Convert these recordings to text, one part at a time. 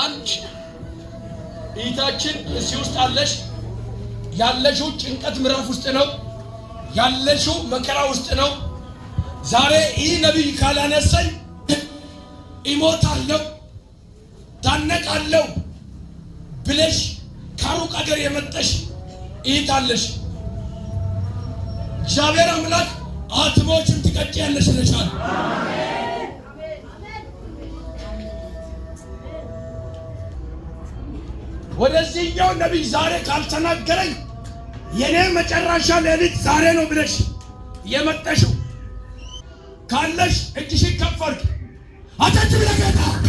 አንድ እይታችን እዚህ ውስጥ አለሽ። ያለሽው ጭንቀት ምዕራፍ ውስጥ ነው። ያለሽው መከራ ውስጥ ነው። ዛሬ ይህ ነቢይ ካላነሳኝ እሞታለሁ፣ ታነቃለሁ ብለሽ ከሩቅ አገር የመጠሽ እይታለሽ እግዚአብሔር አምላክ አትሞችም፣ ትቀጭ ያለሽ ነሻል ወደዚህኛው ነቢይ ዛሬ ካልተናገረኝ የኔ መጨረሻ ሌሊት ዛሬ ነው ብለሽ የመጠሽው ካለሽ እጅሽን ከፈርክ አድርጊ። አጨብጭብ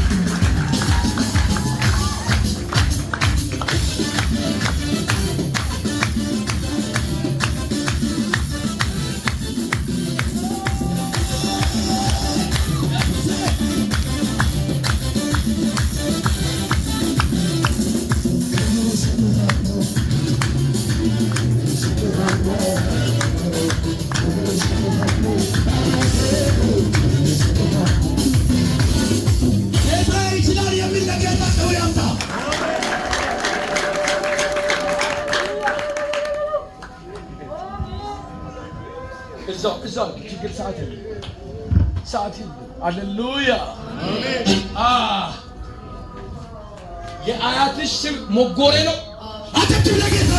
እዛው እዛው ችግር ሰዓት የለም፣ ሰዓት የለም። አሌሉያ የአያትሽ ስም ሞጎሬ ነው። አጨብጭብ ለጌታ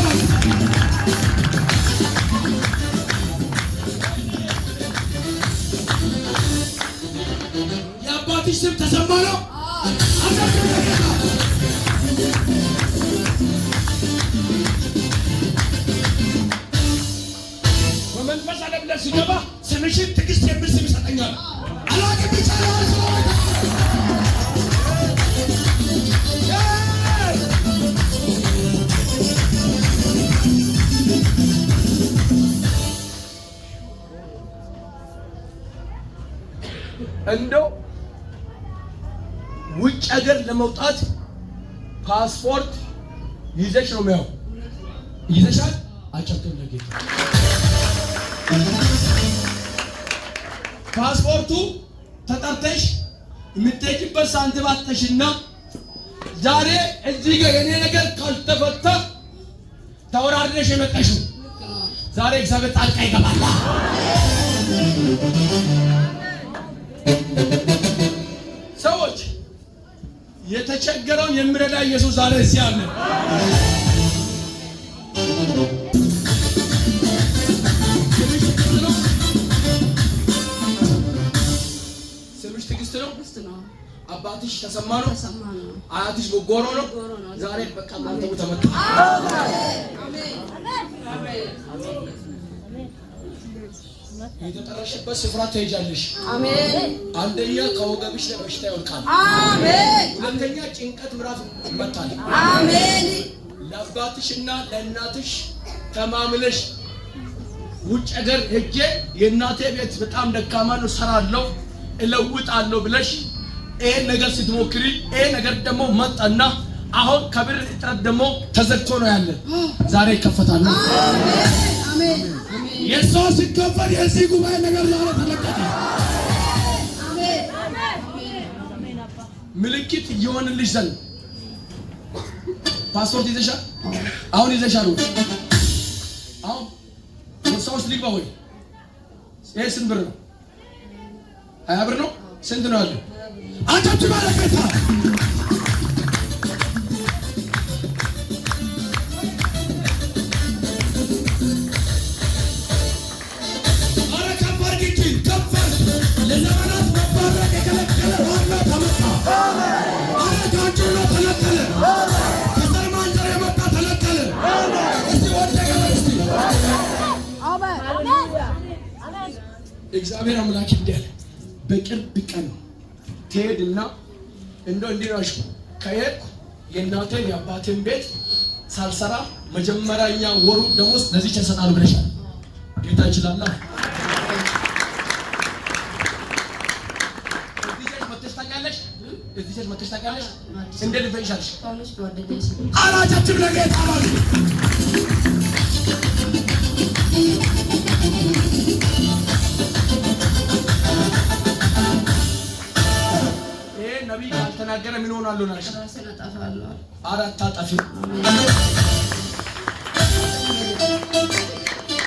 እንደው ውጭ ሀገር ለመውጣት ፓስፖርት ይዘሽ ነው የሚያው ይዘሻል። አጨብጡን ለጌታ። ፓስፖርቱ ተጠርተሽ የምትሄጂበት ሳንትባተሽና ዛሬ እዚህ ጋር የኔ ነገር ካልተፈታ ተወራርደሽ የመጣሽው ዛሬ እግዚአብሔር ጣልቃ ይገባላ። የተቸገረውን የምረዳ ኢየሱስ ዛሬ እዚህ አለ። ስምሽ ትዕግስት ነው። አባትሽ ተሰማ ነው። አያትሽ ጎጎሮ ነው። ዛሬ በቃ ተመጣ የተጠራሽበት ስፍራ ትሄጃለሽ። አንደኛ ከወገብሽ ላይ በሽታ ይወልቃል። ሁለተኛ ጭንቀት ምዕራፍ ይመታል። ለአባትሽና ለእናትሽ ተማምለሽ ውጭ ሀገር ሄጄ የእናቴ ቤት በጣም ደካማ ነው፣ እሰራለሁ፣ እለውጣለሁ ብለሽ ይሄን ነገር ስትሞክሪ ይሄ ነገር ደግሞ መጣና አሁን ከብር እጥረት ደግሞ ተዘግቶ ነው ያለን። ዛሬ ይከፈታል። የእሷ ሲከፈል የዚህ ጉባኤ ነገር ዛሬ ተለቀቀ። ምልክት እየሆንልሽ ዘንድ ፓስፖርት ይዘሻል። አሁን ይዘሻ ወይ? አሁን ወሳ ውስጥ ወይ? ይሄ ስንት ብር ነው? ሀያ ብር ነው። ስንት ነው ያለው? አጨብጭባ ለጌታ ለዘመናት መባረቅ የከለከለ ዋና ተመታ። አረጋጩ ነው ተለከለ። ከሰልማ እንጀራ የመጣ ተለከለ። እስቲ ወደቀ እስቲ እግዚአብሔር አምላክ እንዲህ በቅርብ ቀን ትሄድና እንደው እንዲናሽ ከየት የእናቴን የአባቴን ቤት ሳልሰራ መጀመሪያኛ ወሩ ደሞዝ ለዚች ይሰጣል ብለሻል። ጌታ ይችላል። እዚህ ሴት መጥተሽ ታውቂያለሽ? እንደ ልፈሽ አለሽ። አራጃችን ለጌታ ማለት ነቢይ ካልተናገረ ምን ሆናለሁ? አራት ታጠፊ